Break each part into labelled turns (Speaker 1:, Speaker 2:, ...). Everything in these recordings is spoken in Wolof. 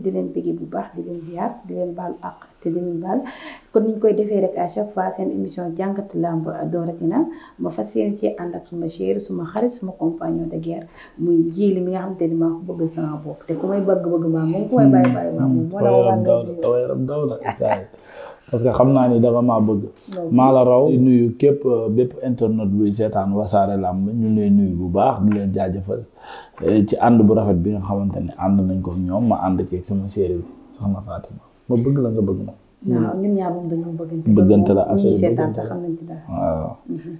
Speaker 1: di leen bëggee bu baax di leen ziar di leen baal ak te di leen baal kon niñ koy defee rek à chaque fois seen émission jàngat lamb doorati na ma fas yéene ci ànd ak suma chéri suma xarit suma compagnon de guerre muy jiili mi nga xam te ni maa ko bëgg sama bopp te ku may bëgg bëgg maa hmm.
Speaker 2: la que xam naa ni dafa maa bëgg maa la raw nuyu képp bépp internet buy seetaan wasaare lamb ñu lay nuyu bu baax di leen jaajëfal Eh, ci ànd bu rafet bi nga xamante ne ànd nañ ko ñoom ma ànd ceeg sama séeréer sax soxna Fatima ma bëgg la nga bëgg ma. waaw
Speaker 1: ñun ñaar moom dañoo bëggante. bëggante la affaire yi seetaan sax xam nañ ci dara. waaw. Mhm.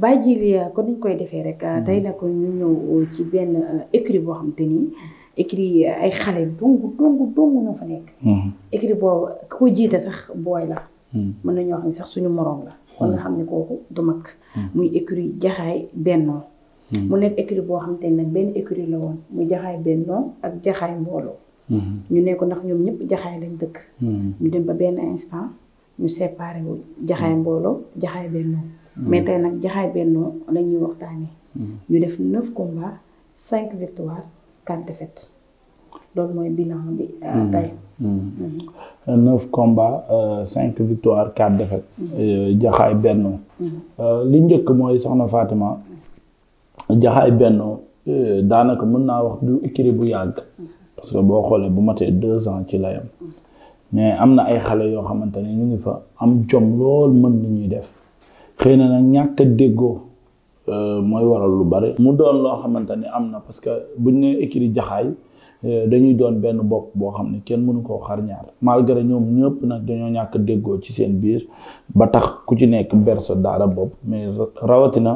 Speaker 1: bàyyi ji kon niñ koy defee rek mhm. tey nag ñu ñëw ci benn euh, écrit boo xam te ni écris ay xale dongu dongu dongu ñoo fa nekk. Mhm. écrit boobu ko jiite sax booy la. mën nañoo xam ne sax suñu moroom la. kon nga xam ne kooku du mag. muy écrit jaxaay bennoo. Mm-hmm. mu nekk écurie boo xamante ne nag benn écurie la woon mu jaxaay bennoo ak jaxaay mbooloo. Mm-hmm. ñu nekk ndax ñoom ñëpp jaxaay lañ dëkk. Mm-hmm. ñu dem ba benn instant ñu séparé wu jaxaay mbooloo jaxaay bennoo. mais tey nag jaxaay la ñuy waxtaanee. ñu def neuf combats cinq victoires quatre défaites mooy bilan bi. Euh, tey.
Speaker 2: Euh, neuf combats euh, cinq victoires quatre défaites. jaxaay bennoo. li njëkk mooy soxna jaxaay bennoo euh, daanaka mën naa wax du écrit bu yàgg parce que boo xoolee bu matee deux ans ci layam mais am na ay xale yoo xamante ne ñu ngi fa am jom lool mën ni ñuy def xëy na nag ñàkk a déggoo euh, mooy waral lu bari mu doon loo xamante ni am na parce que buñ ne écrit jaxaay euh, dañuy doon benn bopp boo xam ne kenn mënu koo xarñaar ñaar malgré ñoom ñëpp nag dañoo ñàkk déggoo ci seen biir ba tax ku ci nekk berso daara bopp mais rawatina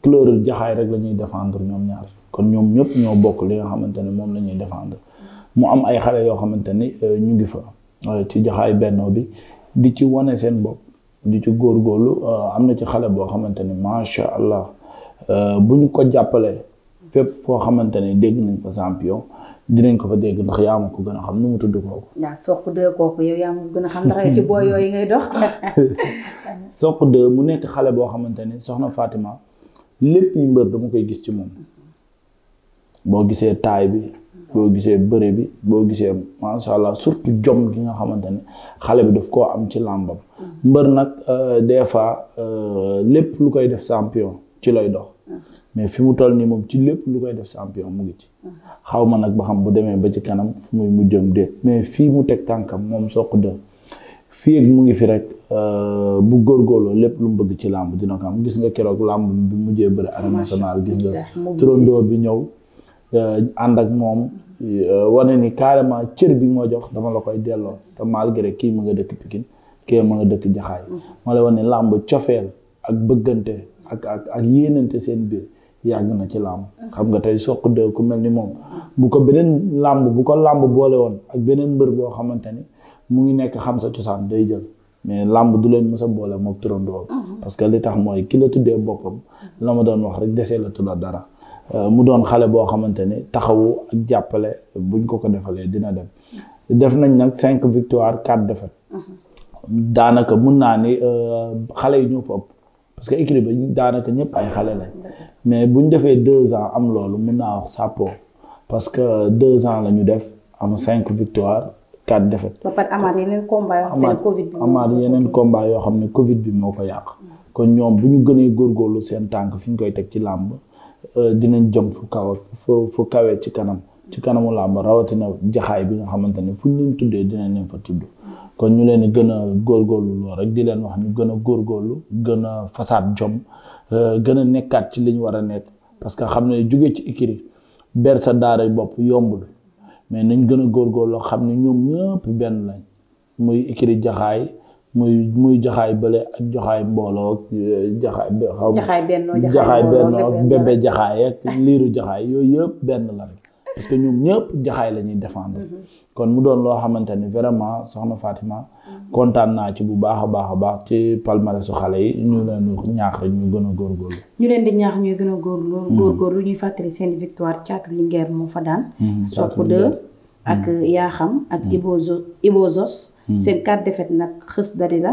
Speaker 2: couleur jaxaay rek la ñuy défendre ñoom ñaar kon ñoom ñëpp ñoo bokk li nga xamante ne moom la ñuy défendre mu am ay xale yoo xamante ni euh, ñu ngi fa euh, ci jaxaay bennoo bi di ci wane seen bopp di ci góorgóorlu euh, am na ci xale boo xamante ni macha allah bu ñu ko jàppalee fépp foo xamante ni dégg nañ fa champion dinañ ko fa dégg ndax yaa ko gën a xam nu mu tudd kooku.
Speaker 1: waaw soq de kooku yaa ma gën a xam ndax ci booy yooyu ngay dox.
Speaker 2: soq de mu nekk xale boo xamante ni soxna Fatima. lépp yi mbër dama koy gis ci moom boo gisee taay bi boo gisee bëre bi boo gisee macha allah surtout jom gi nga xamante ne xale bi daf koo am ci làmbam mbër nag euh, des fois euh, lépp lu koy def champion ci lay dox mais fi mu toll nii moom ci lépp lu koy def sampion mu ngi ci xaw ma nag ba xam bu demee ba ci kanam fu muy mujjëm déet mais fii mu teg tànkam moom soq de fii ak mu ngi fi rek euh, bu góor góorloo lépp lu mu bëgg ci làmb dina ko am gis nga keroog làmb bi mujjee bëri arène nationale gis nga turandoo bi ñëw euh, ànd ak moom euh, wane ni carrément cër bi moo jox dama la koy delloo te malgré kii ma nga dëkk Pikine kii ma nga dëkk Jaxaay moo mm-hmm. lay wane ni làmb cofeel ak bëggante ak ak ak yéenante seen biir yàgg na ci làmb mm-hmm. xam nga tey soq de ku mel ni moom bu ko beneen làmb bu ko làmb boole woon ak beneen mbër boo xamante ni mu ngi nekk xam sa cosaan day jël mais làmb du leen mës a boole moom turandoo mhm. parce que li tax mooy kilo tuddee boppam la ma doon wax rek desee la tudda dara euh, mu doon xale boo xamante ni taxawu ak jàppale buñ ko ko defalee dina dem def nañ nag cinq victoire quatre défaites mhm. daanaka mun naa ni euh, xale yi ñëw fa parce que équipe bi daanaka ñëpp ay xale lañ mais bu ñu defee deux ans am loolu mun naa parce que deux ans la ñu def am cinq victoire quatre défaites. ba
Speaker 1: pare amaat yeneen combat yoo xam ne Covid bi.
Speaker 2: yeneen combat yoo xam ne Covid bi moo ko yàq. kon ñoom bu ñu gënee góorgóorlu seen tànk fi ñu koy teg ci làmb euh, dinañ jëm fu kaw fu fu kawee ci kanam. ci kanamu làmb rawatina jaxaay bi nga xamante ne fu ñu leen tuddee dinañ leen fa tudd. kon ñu leen gën a góor lool rek di leen wax ñu gën a góor góorlu gën a fasaat jom euh, gën a nekkaat ci li ñu war a nekk parce que xam ne jóge ci écurie ber sa daara bopp yombul. mais nañ gën a góorgóorloo xam ne ñoom ñëpp benn lañ muy ikiri jaxaay muy muy jaxaay bële ak jaxaay mbooloo eh, jaxaay jaxaay bennoo jaxaay bennoo bébé liiru jaxaay yooyu yëpp benn la rek parce que ñoom ñëpp jaxaay la ñuy défendre mm-hmm. kon mu doon loo xamante ni vraiment soxna faatiment kontaan naa ci bu baax a baax a baax ci palmarèsu xale yi ñu leen ñaax rek ñu gën a góorgóorlu.
Speaker 1: ñu leen di ñaax ñuy gën a góorgóorlu. Mm-hmm. góorgóorlu ñuy fàttali seen victoire caatu Linguère moo fa daan. sopp mm-hmm. de ak mm-hmm. Yaaxam ak Ibozo Ibozos. seen quatre défaites nag xës dari la.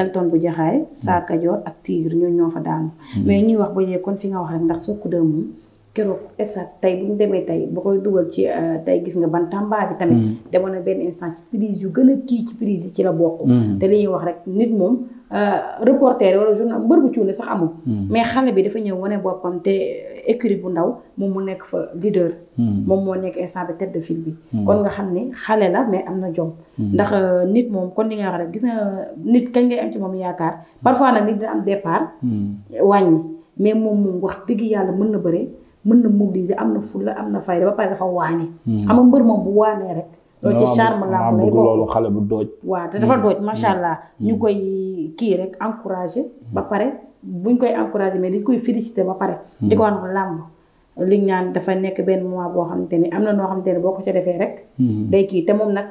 Speaker 1: Elton bu jaxaay Saa Kajoor ak Tigre ñoo ñoo fa daanu. mais ñuy wax ba léegi kon fi nga wax rek ndax sopp de moom. keroog esat tey bu ñu demee tey boo koy dugal ci euh, tey gis nga ban tàmbaa bi tamit mm. demoon na benn instant ci prise yu gën a kii ci prise yi ci la bokk mm. te li ñuy wax rek nit moom euh, reporter wala journal mbër sax amul mm. mais xale bi dafa ñëw wane boppam te bu ndaw moom mu nekk fa leader moom moo nekk instant bi tête de bi kon nga xam ne xale la mais am na jom ndax euh, nit moom kon li nga wax rek gis nga nit kañ ngay am ci moom yaakaar parfois nag nit dina am départ wàññi mais moom moom wax dëgg yàlla mën na bëre mën na mobiliser am na fulla am na fayda ba pare dafa waane. xam hmm. mbër moom bu waanee rek. loolu ci charme làmb lay bokk
Speaker 2: loolu xale bu dooj.
Speaker 1: waaw te dafa hmm. dooj macha hmm. allah. ñu koy kii rek encouragé. ba pare buñ koy encouragé mais koy félicité ba pare. di ko wax làmb li ñaan dafa nekk benn moment boo xamante ni am na noo xamante ni boo ko ca defee rek. day kii te moom nag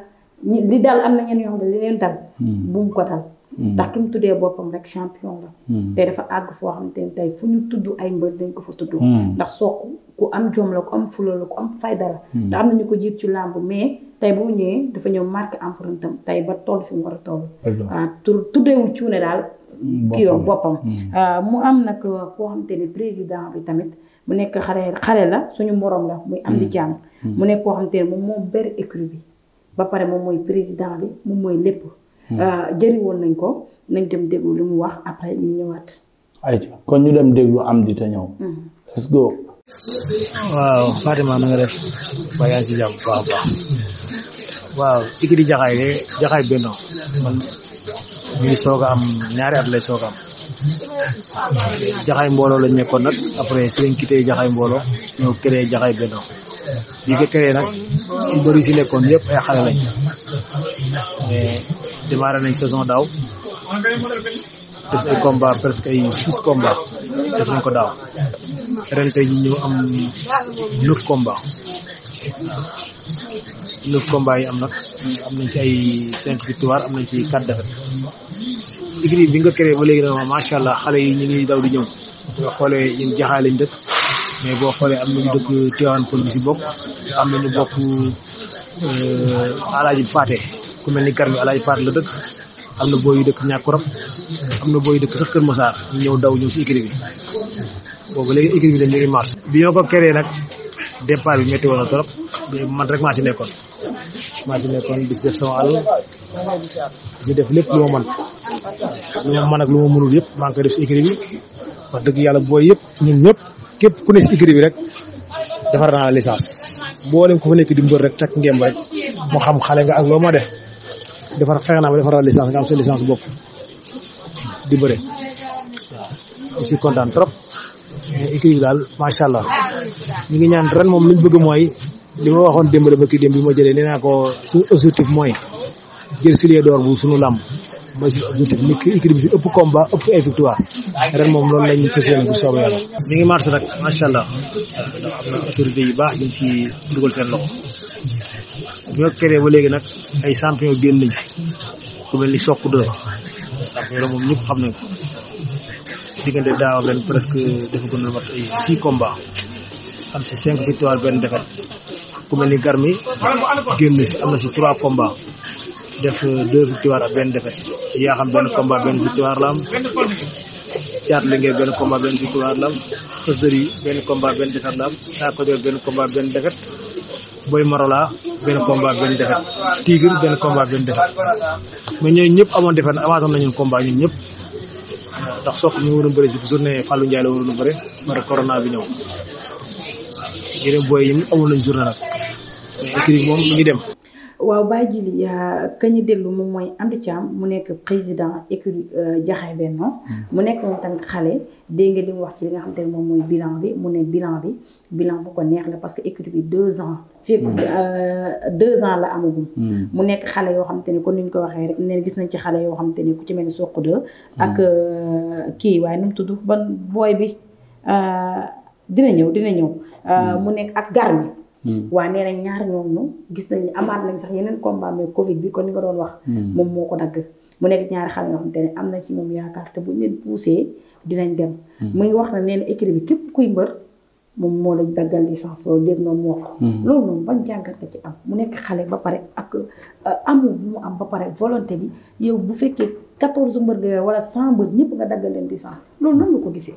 Speaker 1: li dal am na ñenn yoo xam ne li leen dal. bu ko dal. Mm-hmm. ndax ki mu tuddee boppam rek champion la. Mm-hmm. tey dafa àgg foo xamante ni tey fu ñu tudd ay mbër dañ ko fa tudd. Mm-hmm. ndax soog ku am jom am fula la am fayda la. ndax ko jiit ci làmb mais tey bu ñëwee dafa ñëw marqué empreinte am tey ba toll fi war a toll. waaw ah, tu tuddeewul cuune daal.
Speaker 2: kii yoon boppam.
Speaker 1: Ah, mu am nag ah, koo xamante ni président bi tamit mu nekk xare xare la suñu morom la muy am di jàmm. mu nekk koo xamante ni moom moo bëri écurie bi ba pare moom mooy président bi moom mooy lépp. Euh, hmm. jëriwoon nañ ko nañ dem déglu wax après ñu ñëwaat.
Speaker 2: ayca kon dem déglu am di te ñëw. Hmm. let's go. waaw Fatima na nga def ba yaa ngi ci jàmm bu
Speaker 3: baax a Jaxaay Jaxaay Benno man ñu soog a am ñaari at lay soog am. jaxay mbooloo lañ nekkoon nag après si lañ quitté jaxaay mbooloo ñoo créé jaxaay benno bi ko créé nag ñu bëri si nekkoon yëpp ay xale lañ mais démarré nañ saison daaw def ay combat presque ay six combat def nañ ko daaw ren tey ñëw am neuf combat neuf combat yi am nag am nañ ci ay cinq victoire am nañ ci quatre défaite écrit bi nga créé ba léegi nag macha allah xale yi ñu ngi daw di ñëw boo xoolee ñun jaxaay dëkk mais boo xoolee am nañu dëkk Tivaouane Peulh bi si bokk am nañu bokk euh, Alaaji Paate ku mel ni Karmi Alaaji Paate la dëkk am na booy yu dëkk Ñàkkurab am na booy dëkk sax Kër ñu ñëw daw ñëw si écrit bi boobu léegi écrit bi ñu ngi marché. bi ma ko créé nag départ bi métti woon na trop man rek maa si nekkoon maa si nekkoon di si def sama àll
Speaker 2: di def lépp lu ma mën.
Speaker 3: lu ma mën ak lu ma mënul yëpp maa ngi def si écurie bi wax dëgg yàlla booy yëpp ñun képp ku ne bi rek defar naa la licence boo leen ko nekk di mbër rek ngemb rek mu xam xale nga ak loo ma de defar fexe naa ba defar la nga am sa licence bopp di bëre si kontaan trop mais écurie daal macha allah ñu ngi ñaan ren moom liñ bëgg mooy li ma waxoon démb la bëgg démb bi ma jëlee nee ko suñu objectif mooy jël silé d'or bu suñu làmb mooy suñu objectif nekk équipe bi ëpp combat ëpp ay victoire moom loolu lañu fas yéene bu soobee yàlla. ñu nag macha allah ndax am na autorité yu baax ñu ngi ciy dugal seen loxo ñoo créé ba léegi nag ay champion génn nañ fi ku mel ni Sokh 2 moom ñëpp xam nañ ko diggante daaw ak presque dafa gën ma mat ay six combats am ci cinq victoire benn défaite ku mel ni Garmi génn na si am na trois combats. def euh, deux victoires ak benn défaite yaa xam benn combat benn victoire la am caat li benn combat benn victoire la yi benn combat benn défaite la am saa ko benn combat benn défaite boy marola benn combat benn défaite tigre benn combat benn défaite mais ñooñu ñëpp amoon défaite avantoon nañu combat ñun ñëpp ndax soog ñu waroon bëri si journée Fallou Ndiaye la waroon bëri par corona bi ñëw yeneen booy yi amoon nañ journée nag mais écrit moom mi ngi dem
Speaker 1: waaw Baye Djily euh, kañu dellu moom mooy Amdy Thiam mu nekk président écurie Jaxaay euh, Benno mm. mu nekk moom tamit xale dégg nga li mu wax ci li nga xam te ne moom mooy bilan bi mu ne bilan bi bilan bu ko neex parce que écurie bi deux ans fii mm. euh, deux ans la amagum mm. mu nekk xale yoo xam te ne kon ni ñu ko waxee rek ne gis nañ ci xale yoo xam te ne ku ci mel ni soq de ak kii waaye nu mu tudd booy bi dina ñëw dina ñëw mu nekk ak garmi Hmm. waaye nee nañ ñaar ñooñu gis nañ ne amaat nañ sax yeneen combat mais Covid bi kon ni nga doon wax. Hmm. moom moo ko dagg. mu nekk ñaari xale yoo xamante ne am na ci moom yaakaar te buñ leen poussé dinañ dem. Hmm. mu wax na nee na écrit bi képp kuy mbër moom moo lañ daggal licence loolu dégg nga moo ko. loolu moom ban jàngat nga ci am mu nekk xale ba pare ak euh, amul bu mu am ba pare volonté bi yow bu fekkee quatorze mbër nga wala cent mbër ñëpp nga daggal leen licence loolu nan nga ko gisee.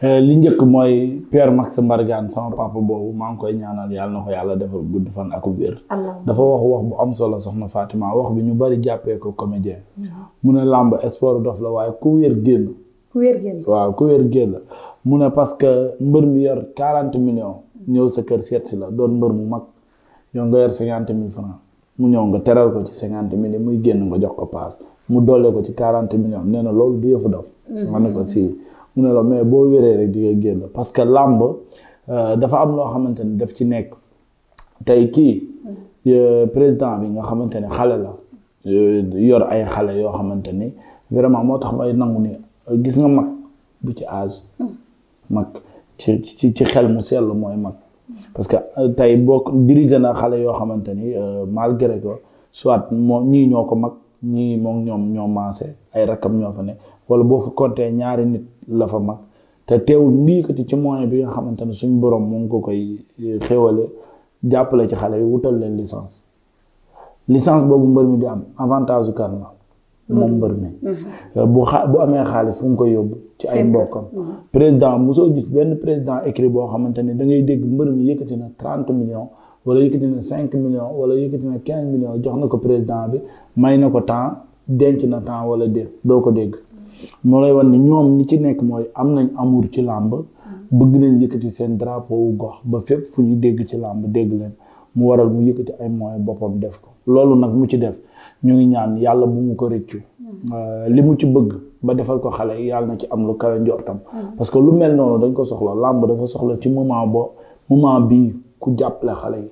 Speaker 2: Eh, li njëkk mooy Pierre Max Mbargane sama papa boobu maa ngi koy ñaanal yàlla na ko yàlla defal gudd fan ak wér dafa wax wax bu am solo soxna Fatima wax bi ñu bari jàppee ko comme comédien mu ne làmb sport dof la waaye ku wér génn ku waaw ku wér génn mu ne parce que mbër mi yor quarante millions ñëw sa kër seet si la doon mbër mu mag yow nga yor cinquante mille mu ñëw nga teral ko ci cinquante mille muy génn nga jox ko paas mu doole ko ci quarante millions nee na loolu du yëfu dof. Mm-hmm. ma ko si mu ne la mais boo wéree rek di nga génn parce que làmb euh, dafa am loo xamante ne daf ci nekk tey kii mm. euh, président bi nga xamante ne xale la euh, yor ay xale yoo xamante ni vraiment moo tax may nangu ni gis nga mag bu ci âge mm. mag ci ci xel mu mooy mag mm. parce que tey boo dirigé na xale yoo xamante ni malgré que soit moo ñii ñoo ko mag ñii moom ñoom ñoo maase ay rakkam ñoo fa nekk wala boo fa compter ñaari nit la fa mag te teewul mu yëkkati ci moyen bi nga xamante ne suñu borom mu ngi ko koy eh, xéwale jàppale ci xale yi wutal leen licence licence boobu mbër mi di am avantage kan la moom mbër mi mm-hmm. bu xa bu amee xaalis fu mu koy yóbbu ci ay mbokkam mm-hmm. président mosoo gis benn président écrit boo xamante ne da ngay dégg mbër mi yëkkati na trente millions wala yëkkati na cinq millions wala yëkkati na quinze millions jox na ko président bi may na ko temps denc na temps wala déet doo ko dégg moo lay wan ni ñoom li ci nekk mooy am nañ amour ci làmb bëgg nañ yëkkati seen drapeau gox ba fépp fu ñu dégg ci làmb dégg leen mu waral mu yëkkati ay moyens boppam def ko loolu nag mu ci def ñu ngi ñaan yàlla bu mu ko rëccu mm. euh, li mu ci bëgg ba defal ko xale yàlla na ci am lu kawe njortam mm. parce que lu mel noonu dañ ko soxla làmb dafa soxla ci moment boo moment bii ku jàppale xale yi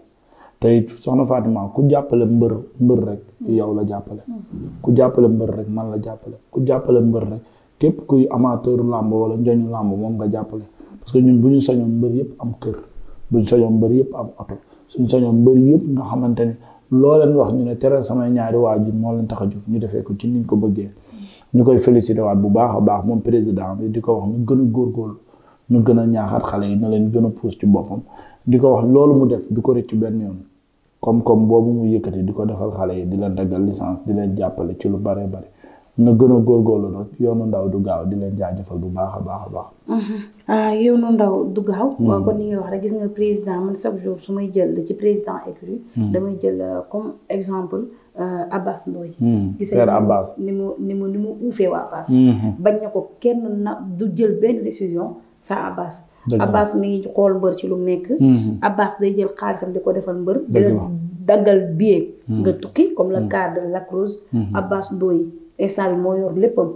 Speaker 2: te it soxna Fatima ku jàppale mbër mbër rek yow la jàppale ku jàppale mbër rek man la jàppale ku jàppale mbër rek képp kuy amateur làmb wala njoñu làmb moom nga jàppale parce que bu ñu sañoon mbër yëpp am kër bu ñu sañoon mbër yëpp am oto suñu sañoon mbër yëpp nga xamante ni loo leen wax ñu ne teral samay ñaari waajur moo leen tax a jóg ñu defee ko ci ni ñu ko bëggee ñu koy félicité waat bu baax a baax moom président bi di ko wax mu gën a góorgóorlu ñu gën a ñaaxaat xale yi na leen gën a ci boppam di ko wax loolu mu def du ko rëccu benn yoon koom-koom boobu mu yëkkati di ko defal xale yi di leen daggal licence di leen jàppale ci lu bare bare na gën a góorgóorlu nag yoonu ndaw du gaaw di leen jaajëfal bu baax a baax a baax.
Speaker 1: Mhm. Ah, yoonu ndaw du gaaw. Hmm. waaw kon ni nga wax rek gis nga président man jour su may ci président écrit hmm. damay jël euh, comme exemple euh, Abbas Ndoye. Hmm. gis Abbas ni mu ni mu ni mu uufee waa Fass. bañ na ko kenn na du jël benn décision. sa Abbas. Abbas mi ngi xool mbër ci lu mu nekk. Mhm. Abbas day jël xaalisam di ko defal mbër. daggal billet mhm. nga tukki comme la mhm. cas de Lac Rose Abbas Ndoye instant moo yor léppam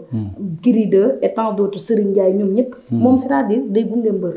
Speaker 1: Gris 2 et tant d'autres Serigne Ndiaye ñoom ñëpp moom sa à dire day gunge mbër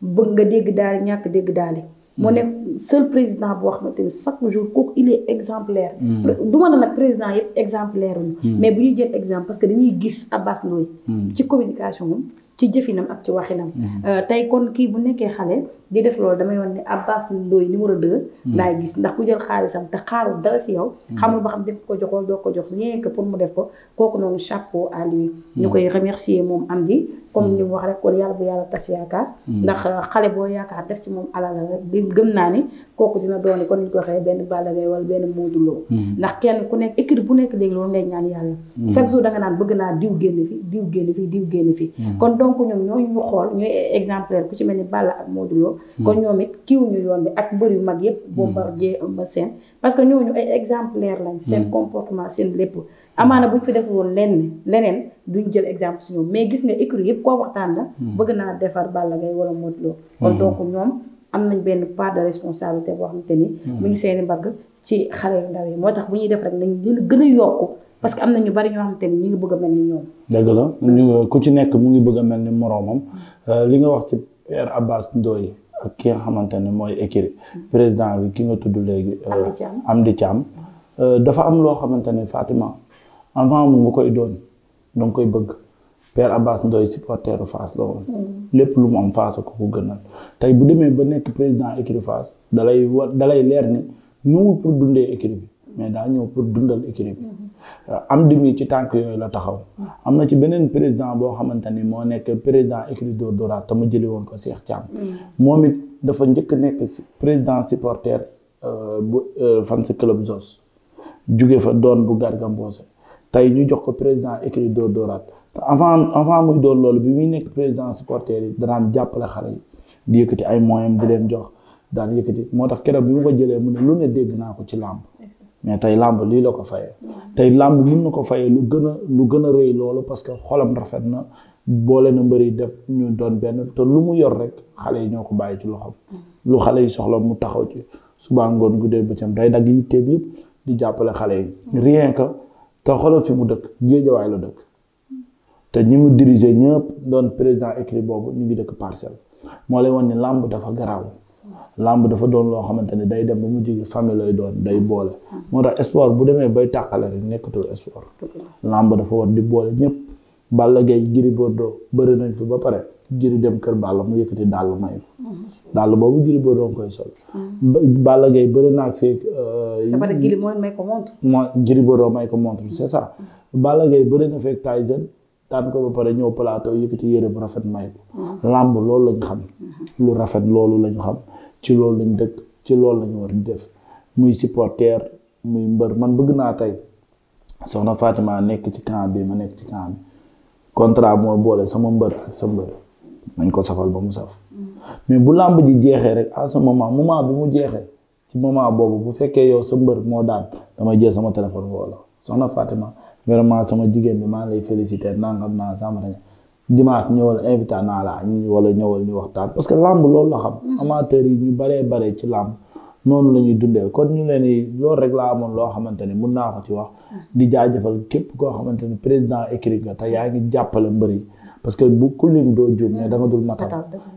Speaker 1: bëgg nga dégg daali ñàkk dégg daali moo nekk seul président boo xamante ni chaque jour kooku il est exemplaire. Hmm. du ne nag président yëpp exemplaire lañu. Hmm. mais bu ñu jël exemple parce que dañuy gis Abass Ndoye hmm. ci communication am ci jëfinam ak ci waxinam. Euh, tey kon kii bu nekkee xale di def loolu damay wan ne Abass Ndoye numéro 2. laay gis ndax ku jël xaalisam te xaarul dara si yow. xamul ba xam def ko joxoon ko jox pour mu def ko kooku noonu chapeau à lui. ñu koy remercier moom am di comme ni mu wax rek kon yal bu yàlla tas yaakaar. ndax euh, xale boo yaakaar def ci moom alal la gëm naa ne. ni kooku dina doon kon ni ko waxee benn Balla Gaye wala benn Modou Lo hmm. ndax kenn ku nekk écrit bu nekk léegi loolu ngay ñaan yàlla hmm. chaque jour da nga naan bëgg naa diw génn fi diw génn fi diw génn fi hmm. kon donc ñoom ñooñu ñu xool ñooy exemplaire ku ci mel ni Balla ak Modou Lo kon ñoom it kiiw ñu yoon bi ak mbër yu mag yépp Bombardier ba seen parce que ñooñu ay exemplaire lañ seen comportement seen lépp amaana buñ ñu fi def woon lenn leneen duñ jël exemple si ñoom mais gis nga écrit yëpp koo waxtaan la bëgg naa defar Balla gay wala Modou Lo kon donc am na nañ benn part de responsabilité boo xamante ni. Hmm. mu ngi seen i mbagg ci xale yu ndaw yi moo tax bu ñuy def rek nañ leen gën a yokku parce que am na ñu bari ñoo xamante ni ñu ngi bëgg a mel
Speaker 2: la ñu ku ci nekk mu ngi bëgg a mel ni moroomam hmm. euh, li nga wax ci Père Abbas yi ak ki nga xamante ne mooy écrit hmm. président bi ki nga tudd léegi. am euh, Amdi Thiam euh, dafa am loo xamante ne Fatima avant mu nga koy doon danga koy bëgg. Père Abbas Ndoye supporteru Fass la woon. lépp lu mu am Fass a ko ko gënal. tey bu demee ba nekk président écurie Fass dalay wa dalay leer ni ñëwul pour dundee écurie bi mais daa ñëw pour dundal écurie bi. am dimi ci tànk yooyu la taxaw. am na ci beneen président boo xamante ni moo nekk président écurie Dóor Dóoraat te ma jëlee woon ko Cheikh Thiam. moom it dafa njëkk nekk président supporter euh, bu euh, fan si club Zos. jóge fa doon bu Garga Mbossé tey ñu jox ko président écurie Dóor Dóoraat avant avant muy doon loolu bi muy nekk président supporter yi danaan jàppale xale yi di yëkkati ay moyens di leen jox daan yëkkati moo tax keroog bi mu ko jëlee mu ne lu ne dégg naa ko ci làmb mais tey làmb lii la ko fayee tey làmb mun na ko fayee lu gën a lu gën a rëy loolu parce que xolam rafet na boole na mbëri def ñu doon benn te lu mu yor rek xale yi ñoo ko bàyyi ci loxoom mm-hmm. lu xale yi soxla mu taxaw ci suba ngoon guddee bëccëg day dagg yitteem yëpp di jàppale xale yi mm-hmm. rien que te xoolal fi mu dëkk géejawaay la dëkk te ñu mu diriger ñëpp doon président écrit boobu ñu ngi dëkk parcelle moo lay wan ni làmb dafa garaaw làmb dafa doon loo xamante ne day dem ba mu jigi famille lay doon day boole moo tax sport bu demee bay tàqale rek nekkatul sport làmb dafa war di boole ñëpp Balla Gaye Gris Bordeaux bëri nañ fi ba pare Gris dem kër Balla mu yëkkati dàll may dàll boobu Gris Bordeaux koy sol Balla Gaye bëri naag fii euh, Gris Bordeaux may ko montre c'est ça Balla Gaye bëri na fekk Tyson daan ko ba pare ñëw plateau yëkkati yére bu rafet may ko. Mm-hmm. làmb loolu lañ xam. Mm-hmm. lu rafet loolu lañ xam ci loolu lañ dëkk ci loolu lañ war di def muy supporter muy mbër man bëgg naa tey soxna Fatima nekk ci camp bi ma nekk ci camp contrat moo boole sama mbër ak sa mbër nañ ko safal ba mu saf. Mm-hmm. mais bu làmb ji jeexee rek à ce moment moment bi mu jeexee ci moment boobu bu fekkee yow sa mbër moo daan damay jël sama téléphone woo la soxna Fatima vraiment sama jigéen bi maa ngi lay féliciter nangam naa sama dimanche ñëwal invité naa la wala ñëwal ñu waxtaan parce que làmb loolu la xam. Mm. amateur yi ñu baree bare ci làmb noonu la ñuy dundee kon ñu leen di loolu rek laa amoon loo xamante ne mun naa ko ci wax. Mm. di jaajëfal képp koo xamante ne président écrit nga te yaa ngi jàppale mbëri parce que bu ku lim doo juum mais mm. da nga dul matal.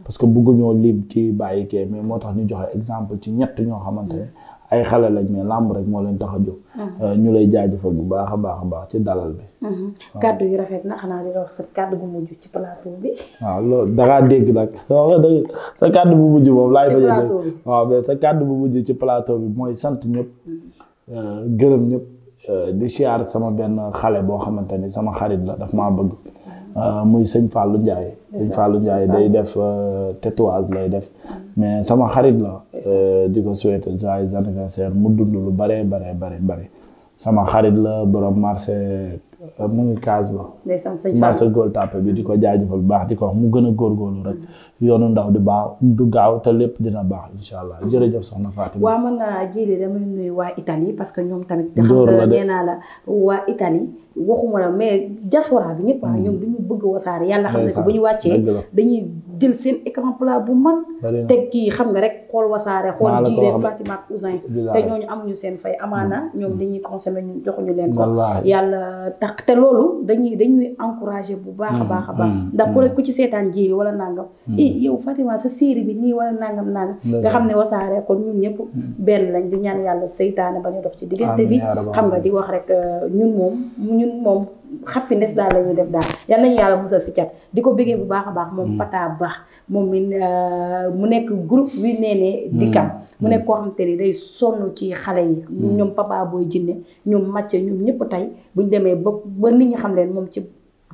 Speaker 2: parce que bëgguñoo lim ci bàyyi kee mais moo tax ñu joxe exemple ci ñett ñoo xamante ne. ay xale lañ mais làmb rek moo leen tax a jóg. Mhm. Euh, ñu lay jaajëfal bu baax a baax a baax ci dalal bi.
Speaker 1: Mhm. kàddu yi rafet na xanaa di wax sa kàddu bu mujj ci da
Speaker 2: dégg nag sa kàddu bu mujj moom laay. ci plateau waaw mais sa kàddu bu mujj ci plateau bi mooy sant ñëpp. Mhm. Euh, gërëm ñëpp euh, di siyaar sama benn xale boo xamante ni sama xarit la daf maa bëgg. Ah, muy sëñ Fallou Ndiaye. sëñ Fallou Ndiaye day def euh, tatouage lay def. mais sama xarit la. Euh, di ko souhaiter joyeux anniversaire mu dund lu bare bare bare bare. sama xarit la borom marché Euh, mu ngi kaas ba.
Speaker 1: ndeysaan sëñ Fall
Speaker 2: góol tàppe bi di ko jaajëfal bu baax di ko wax mu gën a góorgóorlu rek yoonu ndaw di baax du gaaw te lépp dina baax incha allah jërëjëf soxna Fatou. waaw
Speaker 1: mën naa jëlee damay nuyu waa Italie parce que ñoom tamit. door la de xam nga nee naa la waa Italie waxuma la mais diaspora bi ñëpp ah mm. ñoom du ñu bëgg wasaare yàlla xam ne bu ñu wàccee dañuy. jël seen écran bu mag teg kii xam nga rek xool wasaare xool kii rek Fatima ak Ousin te ñooñu amuñu seen fay amaana mm. ñoom dañuy consommer ñu joxuñu leen ko yàlla tax te loolu dañuy dañuy encouragé bu baax a mm. baax a baax mm. ndax ku rek ku ci seetaan jiiri wala nangam i eh, yow Fatima sa série bi nii wala nangam nangam nga xam ne wasaare kon ñun ñëpp benn lañ di ñaan yàlla seytaane ba ñu dox ci diggante bi xam nga di wax rek euh, ñun moom ñun moom happiness daal la ñuy def daal yal nañu yàlla musal si cat di ko bëggee bu baax a baax moom mm. Pata Ba moom mi euh, mu nekk groupe wi neenee ne mm. mu nekk mm. koo xamante ni day sonn ci xale yi ñoom Papa booy jinne ñoom Mathieu ñoom ñëpp tey bu ñu demee ba ba nit ñi xam leen moom ci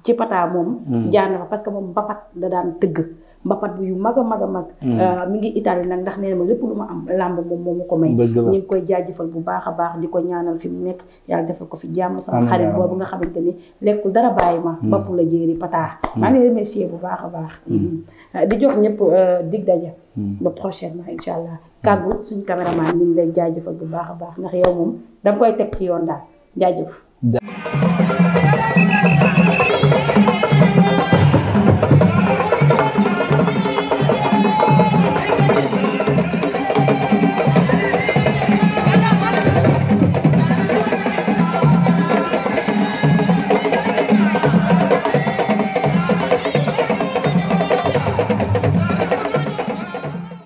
Speaker 1: ci Pata moom jaar na fa parce que moom mbapat da daan tëgg mbapat bu yu mag a mag a mag mm. euh, mi ngi itali nag ndax nee ma lépp lu ma am làmb moom moo ma ko may ñu ngi koy jaajëfal bu baax a baax di ko ñaanal fi mu nekk yaa defal ko fi jàmm sama xarit boobu nga xamante ni lekkul dara bàyyi ma mm. bapp la jéeri pataa mm. maa ngi remercier bu baax a baax euh, di jox ñëpp euh, dig daje ba prochainement incha allah kàggu suñu caméraman ñu ngi lay jaajëfal bu baax a baax ndax yow moom danga koy teg ci yoon daal jaajëf